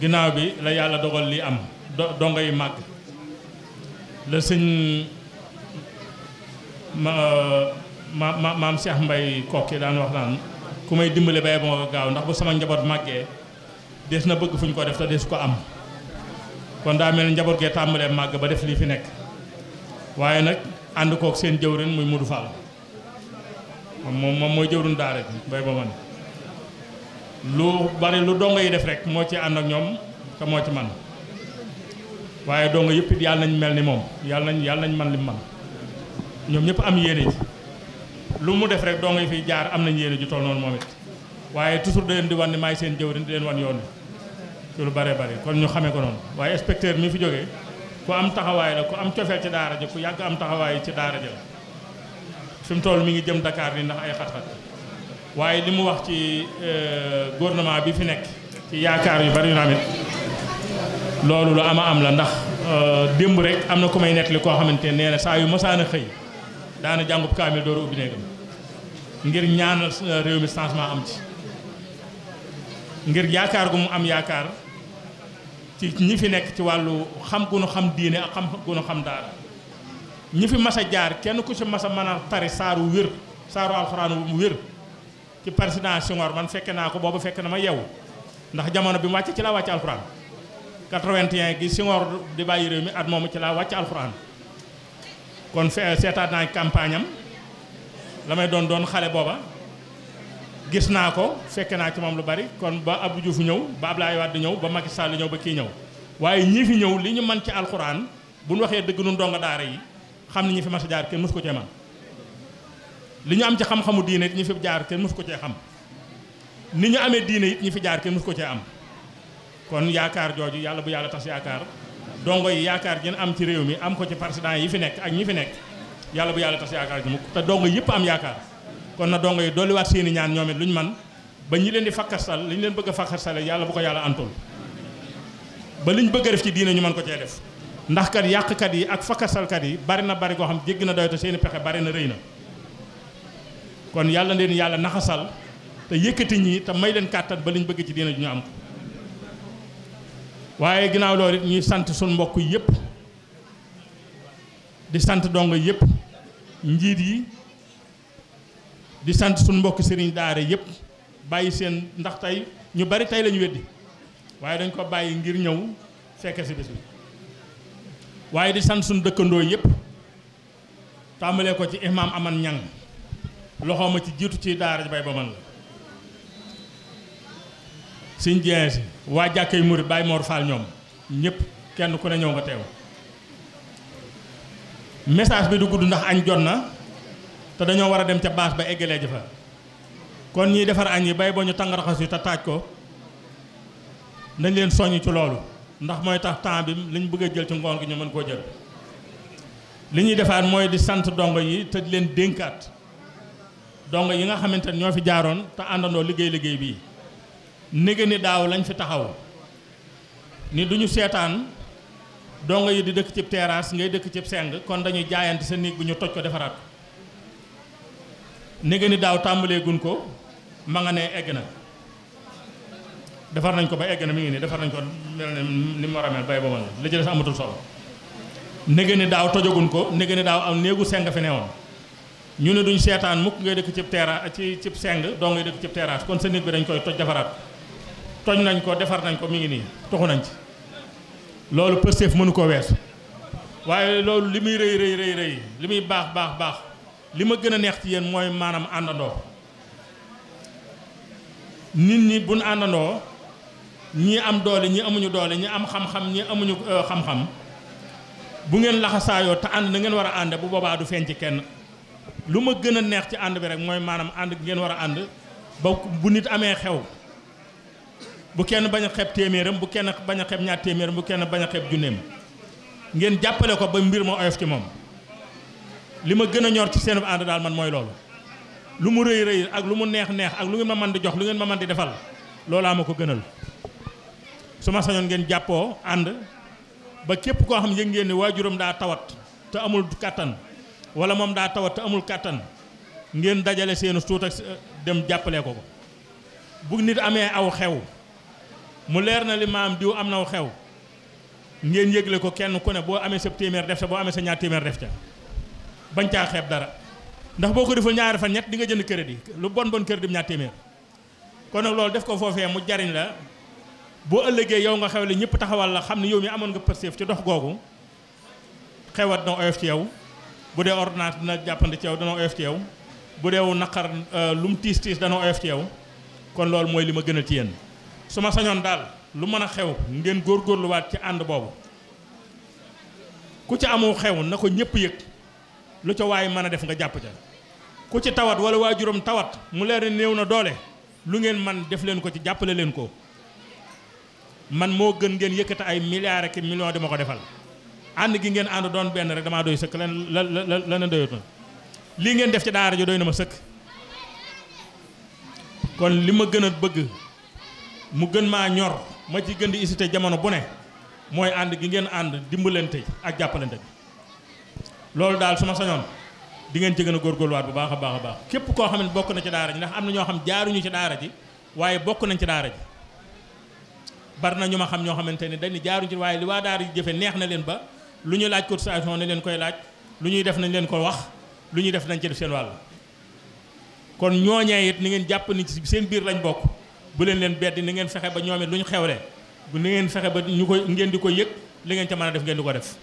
ginaaw bi la yalla dogal li am dongo yi mag le sëñ ma maam Cheikh Mbay kokki daan wax naan ku may dimbale bay moo gaaw ndax bu sama njaboot màggee des na bëgg fu ñu ko def te des ko am kon daa mel njaboot gee tàmbalee màgg ba def lii fi nekk waaye nag ànd kook seen jëwrin muy Modou Fall moom moom mooy jëwrin daara bi bay ba man lu bari lu dongo yi def rek moo ci ànd ak ñoom te moo ci man waaye dongo yëpp yàlla nañ mel ni moom yàlla nañ yàlla nañ man li man ñoom ñëpp am yéene ji lu mu def rek doo ngay fiy jaar am na yéene ju toll noonu moom it waaye toujours da leen di wan ni maay seen jëwriñ di leen wan yoon ci lu bare bare kon ñu xamee ko noonu waaye inspecteur mi fi jógee ku am taxawaay la ku am cofeel ci daara ja yàgg am taxawaay ci daara la fi mu toll mi ngi jëm Dakar ni ndax ay xat-xat waaye li mu wax ci euh, gouvernement bi fi nekk ci yaakaar yu bari yu naan it loolu lu am am la ndax euh, démb rek am na ku may nettali koo xamante nee na saa yu masaan a daana jàngub kaamil dooru ubbi ngir ñaanal euh, réew mi changement am ci ngir yaakaar gu mu am yaakaar ci ñi fi nekk ci wàllu xam gu xam diine ak xam gu xam daara ñi fi mas a jaar kenn ku si mas a mën a tari saaru wér saaru alxuraan bu wér ci président Senghor man fekke naa ko boobu fekk na ma yew ndax jamono bi mu wàcc ci laa wàcc alxuraan 81 gi Senghor di bàyyi réew mi at moom ci laa wàcc alxuraan kon fe seetaat la may doon doon xale booba gis naa ko fekke naa ci moom lu bari kon ba Abdou Diouf ñëw ba Abdoulaye Wade ñëw ba Macky Sall ñëw ba kii ñëw waaye ñii fi ñëw li ñu man ci alxuraan bu ñu waxee dëgg nu ndongo daara yi xam ne ñi fi mas a jaar kenn ko cee li ñu am ci xam-xamu diine it ñi fi jaar kenn mësu ko cee xam ni ñu amee diine it fi jaar kenn ko cee am kon yaakaar jooju yàlla bu yàlla tas yaakaar dongo yi yaakaar jën am ci réew mi am ko ci président yi fi nekk ak ñi fi nekk yàlla bu yàlla tas yaakaar ji mukk te dongo yëpp am yaakaar kon na dongo yi dolliwaat seen i ñaan ñoom it lu ñu man ba ñu leen di sal li ñu leen bëgg a fakkastale yàlla bu ko yàlla antul ba li ñu bëgg a def ci diine ñu mën ko cee def ndax kat yàqkat yi ak fakkastalkat yi bari na bari koo xam jégg na doy te seen pexe bari na rëy na kon yàlla leen yàlla naxasal te yëkkati ñi te may leen kàttan ba li ñu bëgg ci diine ju ñu am ko waaye ginnaaw loolu it sant suñu mbokk yëpp di sant dongo yëpp njiit yi di sant suñ mbokk sëriñ daara yëpp bàyyi seen ndax tey ñu bari tey lañu weddi waaye dañ ko bàyyi ngir ñëw fekk si bis bi waaye di sant suñ dëkkandoo yëpp tàmbalee ko ci imaam aman ñan loxooma ci jiitu ci daara bay ba man la siñ jeex si waa jàkkay murit Baye Mor Fall ñoom ñëpp kenn ku ne ñëw nga teew message bi du gudd ndax añ jot na te dañoo war a dem ca baas ba eggalee jëfa kon ñiy defar añ yi bay boo ñu tàng raxas yi te taaj ko nañ leen soññ ci loolu ndax mooy tax temps bi liñ bëgg a jël ci ngoon gi ñu mën koo jël li ñuy defaat mooy di sant dongo yi te di leen dénkaat dongo yi nga xamante ne ñoo fi jaaroon te àndandoo liggéey liggéey bii néega ni daaw lañ fi taxaw ni duñu seetaan dongo yi di dëkk cib teraas ngay dëkk cib seng kon dañuy jaayante sa néeg bi ñu toj ko defaraat ko daaw tàmbalee ko ma nga ne egg na defar nañ ko ba egg na mi ngi nii defar nañ ko mel ne ni mu war a mel bay booba la jëlee sa amatul solo néega daaw tojagun ko néega ni daaw am néegu seng fi newoon ñu ne duñ seetaan mukk ngay dëkk cib terrasse ci cib seng doo ngay dëkk cib terrasse kon sa néeg bi dañ koy toj defaraat toj nañ ko defar nañ ko mi ngi nii toxu nañ ci loolu Pastef mënu ko weesu waaye loolu li muy rëy rëy rëy rëy li muy baax baax baax li ma gën a neex ci yéen mooy maanaam àndandoo nit ñi bu àndandoo ñii am doole ñi amuñu doole ñi am xam-xam ñi amuñu euh, xam-xam bu ngeen laxasaayoo te ànd na ngeen war a ànd bu boobaa du feeñ ci kenn lu ma gën a neex ci ànd bi rek mooy maanaam ànd ngeen war a ànd ba bu nit amee xew bu kenn bañ a xeeb téeméeram bu kenn bañ a xeeb ñaar téeméeram bu kenn bañ a xeeb junneem ngeen jàppale ko ba mbir ma oyof ci moom li ma gën a ñor ci seen ànd daal man mooy loolu lu mu rëy rëy ak lu mu neex neex ak lu ngeen ma man di jox lu ngeen ma man di defal loolaa ma ko gënal su ma sañoon ngeen jàppoo ànd ba képp koo xam yëg ngeen ne waajuram daa tawat te amul kàttan wala moom daa tawat te amul kàttan ngeen dajale seenu suut ak dem jàppale ko ko bu nit amee aw xew mu leer na li maam diw am naw xew ngeen yëgle ko kenn ku ne boo amee sa téeméer def sa boo amee sa ñaar téeméer def ca bañ ca xeeb dara ndax boo ko deful ñaari fan ñett di nga jënd crédit lu bon bon kër di ñaar téeméer kon nag loolu def ko foofee mu jariñ la boo ëllëgee yow nga xew la ñëpp taxawal la xam ne yow mi amoon nga pësteef ci dox googu xewat na oyof ci yow bu dee ordonnance dina jàppandi ci yow dana oyof ci yow bu dee wu naqar euh, lu mu tiis tiis dana oyof ci yow kon loolu mooy li ma gënal ci yéen su ma sañoon daal lu mën a xew ngeen góor góorgóorluwaat ci ànd boobu ku ci amoo xew na ko ñëpp yëg lu ca waaye mën a def nga jàpp ca ku ci tawat wala juróom tawat mu leer ne néew na doole lu ngeen man def leen ko ci jàppale leen ko man moo gën ngeen yëkkate ay milliards ak millions di ma ko defal ànd gi ngeen ànd doon benn rek damaa doy sëkk lan la la doyut na lii ngeen def ci daara ji doy na ma sëkk kon li ma gën a bëgg mu gën maa ñor ma ci gën di incité jamono bu ne mooy ànd gi ngeen ànd dimbalante ak jàppalante bi loolu daal su ma sañoon di ngeen ci gën a góorgóorluwaat bu baax a baax a baax képp koo xam ne bokk na ci daara ji ndax am na ñoo xam jaaruñu ci daara ji waaye bokk nañ ci daara ji bari na ñu ma xam ñoo xamante ni dañ jaaruñu ci waaye li waa daara ji jëfe neex na leen ba lu ñu laaj cotisation ne leen koy laaj lu ñuy def nañ leen ko wax lu ñuy def nañ ci seen wàll kon ñooñee it ni ngeen jàpp ni seen biir lañ bokk bu leen leen beddi ni ngeen fexe ba ñoom it lu ñu xewle ni ngeen fexe ba ñu ko ngeen di ko yëg li ngeen ca man a def ngeen di ko def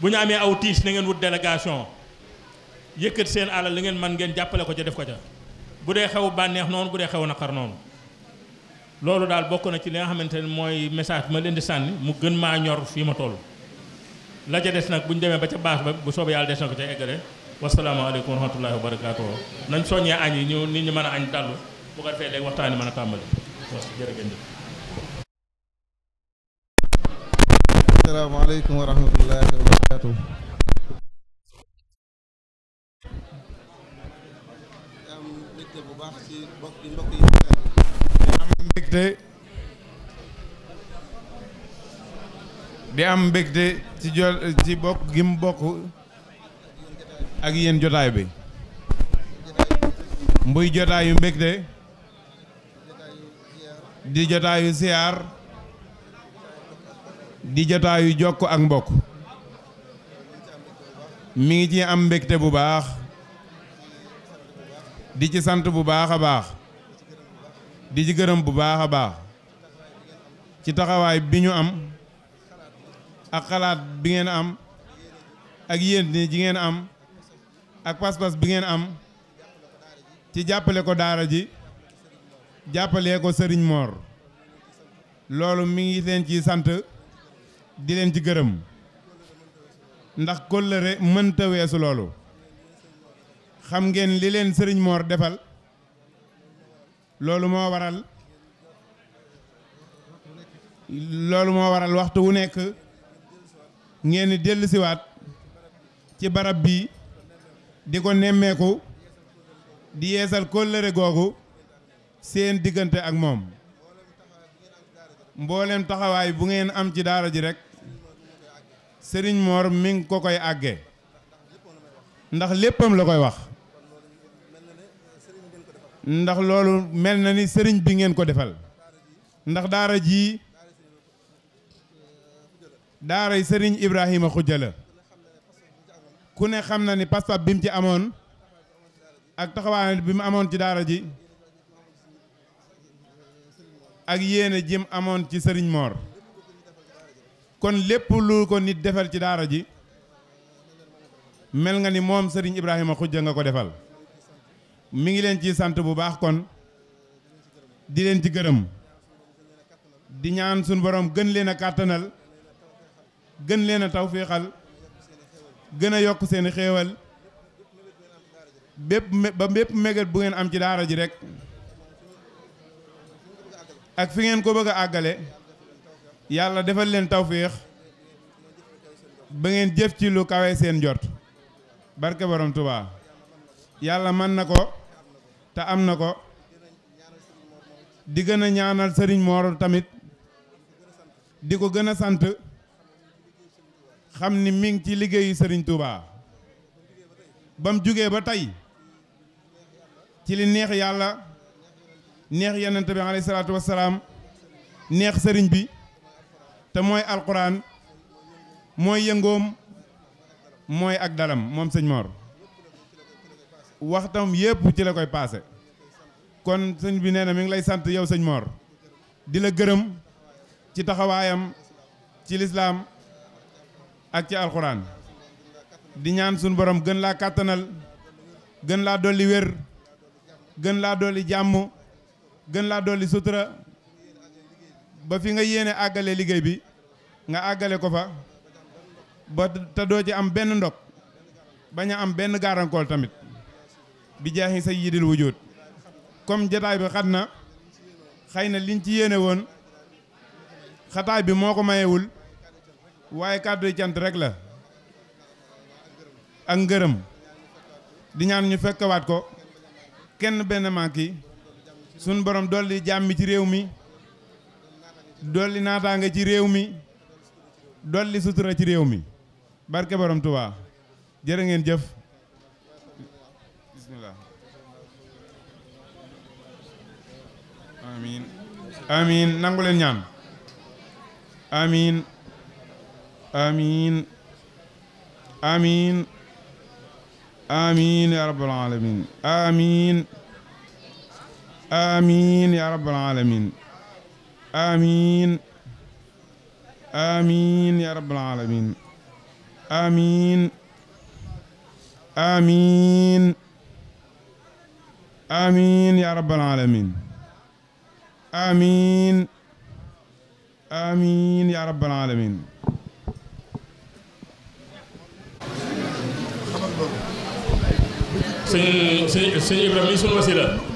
bu ñu amee aw tiis na ngeen wut délégation yëkkët seen alal li ngeen man ngeen jàppale ko ca def ko ca bu dee xew bànneex noonu bu dee xew naqar noonu loolu daal bokk na ci li nga xamante ne mooy message bi ma leen di sànni mu gën maa ñor fii ma toll la ca des nag bu ñu demee ba ca baax ba bu soobee yàlla des na ko ca eggale wasalaamaaleykum wa rahmatullahi wa barakaatu nañ soññee añ yi ñu nit ñi mën a añ dallu bu ko defee léegi waxtaan mën bu baax ci am mbégte. ci jo ci bokk gi mu bokk ak yéen jotaay bi. mbuy jotaayu mbégte. di jotaayu siyaar di jotaayu jokk ak mbokk mi ngi ci am mbégte bu baax di ci sant bu baax a baax di ci gërëm bu baax a baax ci taxawaay bi ñu am ak xalaat bi ngeen am ak yéene ji ngeen am ak pas-pas bi ngeen am ci jàppale ko daara ji jàppalee ko sëriñ moor loolu mi ngi leen ci sant di leen ci gërëm ndax kóllëre mënta weesu loolu xam ngeen li leen sëriñ moor defal loolu moo waral loolu moo waral waxtu wu nekk ngeen di dellusiwaat ci barab bi di ko nemmeeku di yeesal kóllëre googu seen diggante ak moom mboolem taxawaay bu ngeen am ci daara ji rek sëriñ moor mi ngi ko koy àgge ndax léppam la koy wax ndax loolu mel na ni sëriñ bi ngeen ko defal ndax daara jii daaray sëriñ Ibrahima Khoudia la ku ne xam na ni pas bi mu ci amoon ak taxawaane bi mu amoon ci daara ji ak yéene jim amoon ci sëriñ Mor kon lépp lu ko nit defal ci daara ji mel nga ni moom sëriñ Ibrahima xujja nga ko defal mu ngi leen ci sant bu baax kon di leen ci gërëm di ñaan suñu borom gën leen a kàttanal gën leen a tawféexal gën a yokk seeni xéewal bépp ba bépp mégat bu ngeen am ci daara ji rek ak fi ngeen ko bëgg àggale yàlla defal leen tawféex ba ngeen jëf ci lu kawe seen jot barke borom yàlla mën na ko te am na ko di gën a ñaanal sëriñ Mor tamit di ko gën a sant xam ni mi ngi ci liggéeyu sëriñ Touba ba mu jugee ba tey ci li neex yàlla neex yonent bi alayhi salatu wassalam neex sëriñ bi te moy alquran moy yengom moy ak dalam mom sëñ Mor waxtam yep ci la koy passer kon sëñ bi neena mi ngi lay sante yow sëñ Mor di la gërëm ci taxawayam ci l'islam ak ci alquran di ñaan sun borom gën la katanal gën la doli gën la doli gën laa dolli sutura ba fi nga yéene àggale liggéey bi nga àggale ko fa ba te doo ci am benn ndog bañ a am benn gaarankool tamit bi jaaxi sa yidil wujud comme jataay bi xat na xëy na liñ ci yéene woon xataay bi moo ko mayewul waaye kàddu cant rek la ak ngërëm di ñaan ñu fekkawaat ko kenn benn manki sunu boroom dolli jàmmi ci réew mi dolli naataanga ci réew mi dolli sutura ci réew mi barke borom Tuubaa jërë ngeen jëf bismillah amin amin nangu leen ñaan amin amin amin amin ya rabbal alamin آمين يا رب العالمين آمين آمين يا رب العالمين آمين آمين آمين يا رب العالمين آمين آمين يا رب العالمين سي سي سي إبراهيم سن وسيله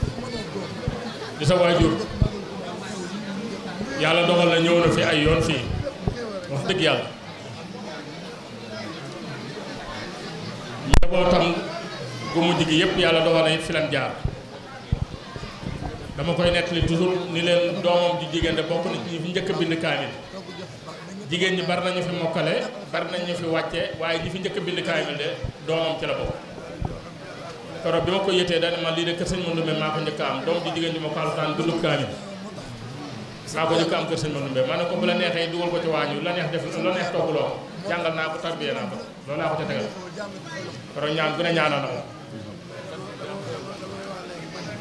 di waajur yàlla doxal na ñëw na fi ay yoon fii wax dëgg yàlla njabootam gu mujj gi yëpp yàlla dogal na it fi lan jaar dama koy nettali toujours ni leen doomam di jigéen de bokk na ci ñi fi njëkk a bind kaamil jigéen ñi bari nañu fi mokkale bari nañu fi wàcce waaye ñi fi njëkk bind kaamil de doomam ci la bokk keroog bi ma ko yëtee daane man lii de kër sëñ Mandumbe maa ko njëkk a am doom di jigéen ji ma ko alxuraan dundub kaamil maa ko njëkk a am kër sëñ Mandumbe ma ne ko bu la neexee dugal ko ci waañu la neex def la neex togguloo jàngal naa ko tarbiyee naa ko loolu laa ko ca tegal keroog ñaan gën a ñaanal na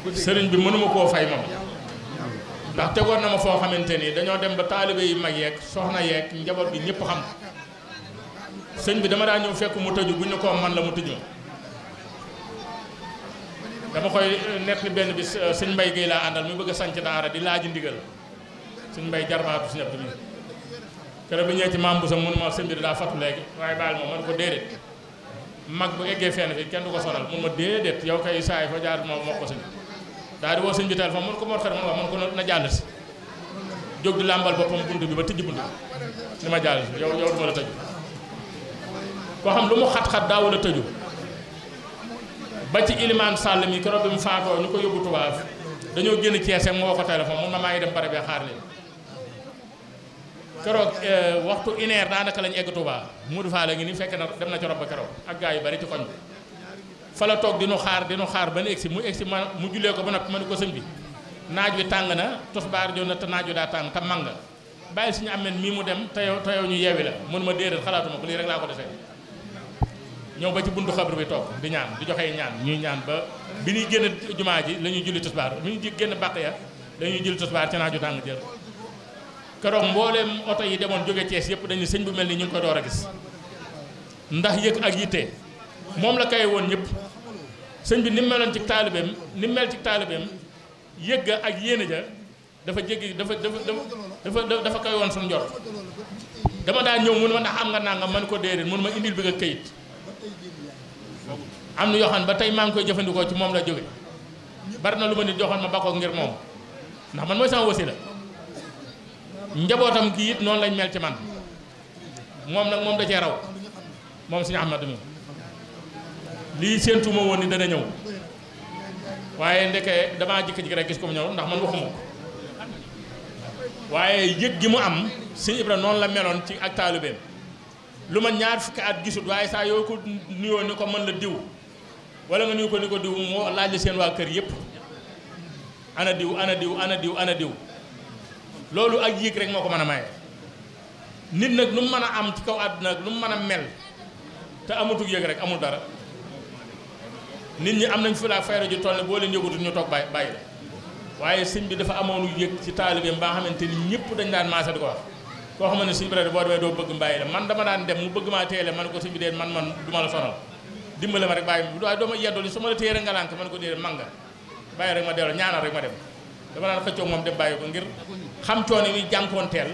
ko sëriñ bi mënuma koo fay moom ndax tegoon na ma foo xamante ni dañoo dem ba taalibe yi mag yeek soxna yeeg njaboot bi ñëpp xam sëñ bi dama daa ñëw fekk mu tëju bu ñu man la mu tëju dama koy euh, nett ni benn bi euh, sëñ mbay géey laa àndal muy bëgg a daara di laaj ndigal sëñ mbay jarbaatu sëñ Abdou Mim keroog bi ñëwee ci maam bu sa mënuma sëñ bi daa fatu léegi waaye baal ma man ko déedéet mag bu eggee fenn fi kenn du ko sonal mun ma déedéet yow kay saay fa jaar moom moo ko sëñ daa di woo sëñ bi téléphone mun ko mor xar mun wax mun ko na jàll si jóg di làmbal boppam bunt bi ba tijji bunt bi ma jàll si yow yow du la tëju koo xam lu mu xat-xat daawul ba ci Ilimane Sall mi keroog bi mu faatoo ñu ko yóbbu tubaab dañoo génn Thiès mu woo ko téléphone mun na maa ngi dem pare bi xaar leen keroog euh, waxtu une heure daanaka lañ egg Touba Modou Fall ngi ni fekk na dem na ci rob keroog ak gaa yu bari ci koñ bi fa la toog dinu xaar dinu xaar ba nu si mu si ma mu jullee ko ba noppi ma ne ko sëñ bi naaj wi tàng na tosbaar joon na te naaj wi daa tàng te màng bàyyi suñu ameen mii mu dem te yow te ñu yeewi la mun ma déedéet xalaatuma ko lii rek laa ko defee ñëw ba ci buntu xabru bi toog di ñaan di joxe ñaan ñuy ñaan ba bi ñuy génn jumaa ji la ñuy julli tisbaar bi ñuy génn bàq ya la ñuy julli tisbaar ci naaju tàng jër keroog mbooleem oto yi demoon jóge Cees yëpp dañuy sëñ bu mel nii ñu ngi ko door a gis ndax yëg ak yitte moom la kay woon ñëpp sëñ bi ni mu meloon ci taalibeem ni mel ci taalibeem yëgg ak yéene ja dafa jéggi dafa dafa dafa dafa kay dafa suñu njort dama daan ñëw mun ma ndax am nga nangam man ko déedéet mun ma indil bi nga am na yoo xam ne ba tey maa ngi koy jëfandikoo ci moom la jóge bari na lu ma nit joxoon ma bakkoog ngir moom ndax man mooy sama wasila njabootam gi it noonu lañ mel ci man moom nag moom da cee raw moom suñu Ahmadu mi lii séentuma woon ni dana ñëw waaye ndeke damaa jikki-jikki rek gis ko mu ñëw ndax man waxuma ko waaye yëg gi mu am sëñ Ibra noonu la meloon ci ak taalibeem lu ma ñaar fukki at gisut waaye saa yoo ko nuyoo ni ko mën la diw wala nga nuyu ko ni ko diw moo laaj la seen waa kër yëpp ana diw ana diw ana diw ana diw loolu ak yéeg rek moo ko mën a maye. nit nag lu mu mën a am ci kaw àdduna lu mu mën a mel te amatug yëg rek amul dara nit ñi am nañ fulaa fayra ju toll ne boo leen yëgutu ñu toog bàyyi bàyyi la waaye sëñ bi dafa amoonu yëg ci taalibeem ba nga xamante ni ñëpp dañ daan maase du ko wax koo xam ne sëñ bi boo demee doo bëgg mbàyyi la man dama daan dem mu bëgg maa teele man ko sëñ bi dee man du ma la sonal dimbalé ma rek bayam ma ay doma yeddoli su ma la téré nga lànk man ko dir manga bay rek ma dellu ñaanal rek ma dem dama naan xëccu mom dem bàyyi ko ngir xam cioni mi jankontel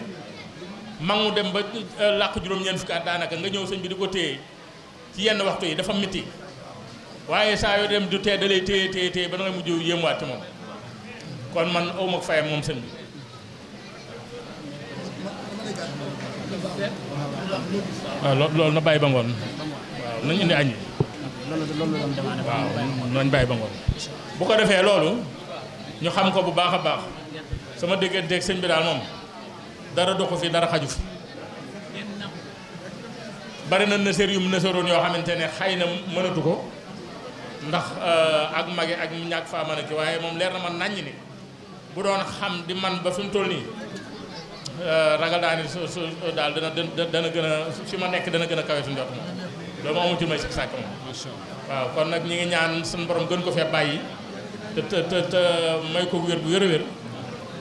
mangu dem ba eh, làq juroom ñen fukki at daanaka nga ñew señ bi diko téy ci yenn waxtu yi dafa miti waye sa yo dem du téy da lay téy téy téye ba na nga mujj yëm ci mom kon man aw ma fayam moom sëñ bi lol loolu na bay bangon ngoon waaw nañ indi añ loolu la doon demandé. waaw nañ bàyyi ba ngoon bu ko defee loolu ñu xam ko bu baax a baax sama dégganteeg sëñ bi daal moom dara doxu fii dara xaju fi bari na nësër yu mu nësëroon yoo xamante ne xëy na mënatu ko ndax euh, ak mage ak ñàkk faa mën a waaye moom leer na man naññ ni bu doon xam di man ba suñ mu toll nii euh, ragal daal ni su su daal dana dana gën a fi ma nekk dana gën a kawe su njot moom loolu moom ci may sikk sàkk moom waaw kon nag ñi ngi ñaan suñu borom gën ko fee bàyyi te te te may ko wér bu wér wér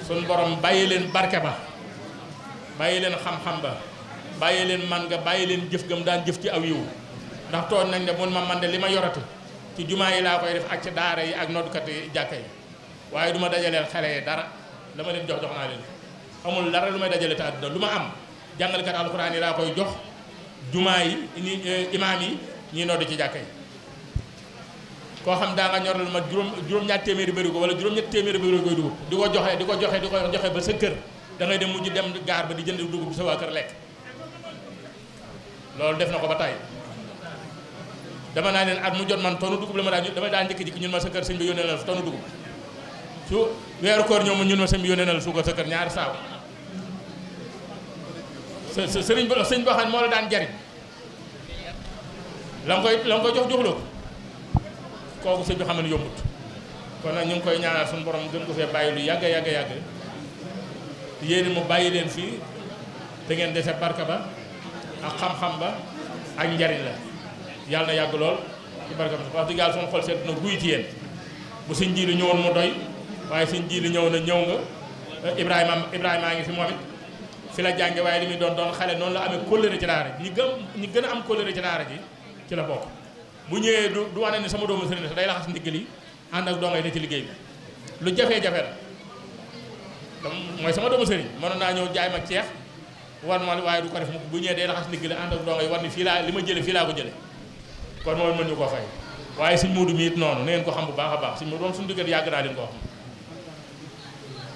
suñu borom bàyyi leen barke ma bàyyi leen xam-xam ba bàyyi leen man nga bàyyi leen jëf gëm daan jëf ci aw yiw ndax toog nañ ne mun ma man de li ma yoratu ci jumaa yi laa koy def ak ci daara yi ak noddukat yi jàkka yi waaye duma ma dajaleel xale yi dara la ma leen jox jox naa leen amul dara lu may dajalee te àdduna lu ma am jàngalekat alxuraan yi laa koy jox jumaa yi ñi eh, imaam yi ñuy noddu ci jàkk yi koo xam daa nga ñoral ma juróom juróom-ñaar téeméeri bëri ko wala juróom-ñett téeméeri bëri koy dugub di ko joxe di ko joxe di ko joxe ba sa kër da dem mujj dem gaar ba di jënd dugub sa kër lekk loolu def na ko ba tey dama naa leen at mu jot man tonu la ma daa damay daa njëkk jikki ñun ma sa kër sëñ bi yónnee na la tonu dugub su weeru koor ñoom ñun ma sëñ bi yónnee na la suukar sa kër ñaari saaw sa sëriñ ba sëñ boo xam moo la daan jariñ la koy la koy jox joxuloo ko kooku sëñ bi xam ne yombut kon nag ñu ngi koy ñaanal suñu borom gën ko fee bàyyi lu yàgg yàgg yàgg yéen mu bàyyi leen fii te ngeen dese barka ba ak xam-xam ba ak njariñ la yàlla yàgg lool ci barka ba wax dëgg yàlla sama xol seet na guy ci yéen bu sëñ ji lu mu doy waaye sëñ ji ñëw na ñëw nga Ibrahima Ibrahima a ngi fi moom it fi la jànge waaye li muy doon doon xale noonu la amee kóllëre ci daara ji ñi gëm ñi gën a am kóllëre ci daara ji ci la bokk bu ñëwee du du wane ne sama doomu sëriñ day laxas ndiggal yi ànd ak dongay ne ci liggéey bi lu jafee-jafe la dam mooy sama doomu sëriñ mënoon naa ñëw jaay ma ceex war ma waaye du ko def bu ñëwee day laxas ndiggal yi ànd ak dongay war ni fii laa li ma jële fii laa ko jële kon mooy mën ñu ko fay waaye suñ muudu mi it noonu na ko xam bu baax a baax suñ muudu moom suñu diggante yàgg naa leen ko wax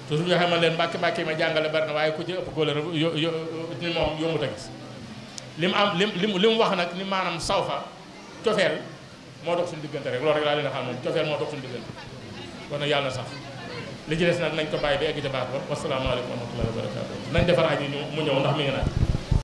toujours yoo xamal leen mbàkki mbàkki yi ma jàngale bari na waaye ku ci ëpp góole yo yo ni moom yombut a gis li mu am li mu li mu wax nag ni maanaam sawfa cofeel moo dox suñu diggante rek loolu rek laa leen a xam moom cofeel moo dox suñu diggante kon nag yàlla na sax li ci des nag nañ ko bàyyi ba egg ca baax ba wasalaamaaleykum wa rahmatullahi wa barakaatu nañ defar aji ñu mu ñëw ndax mi ngi naan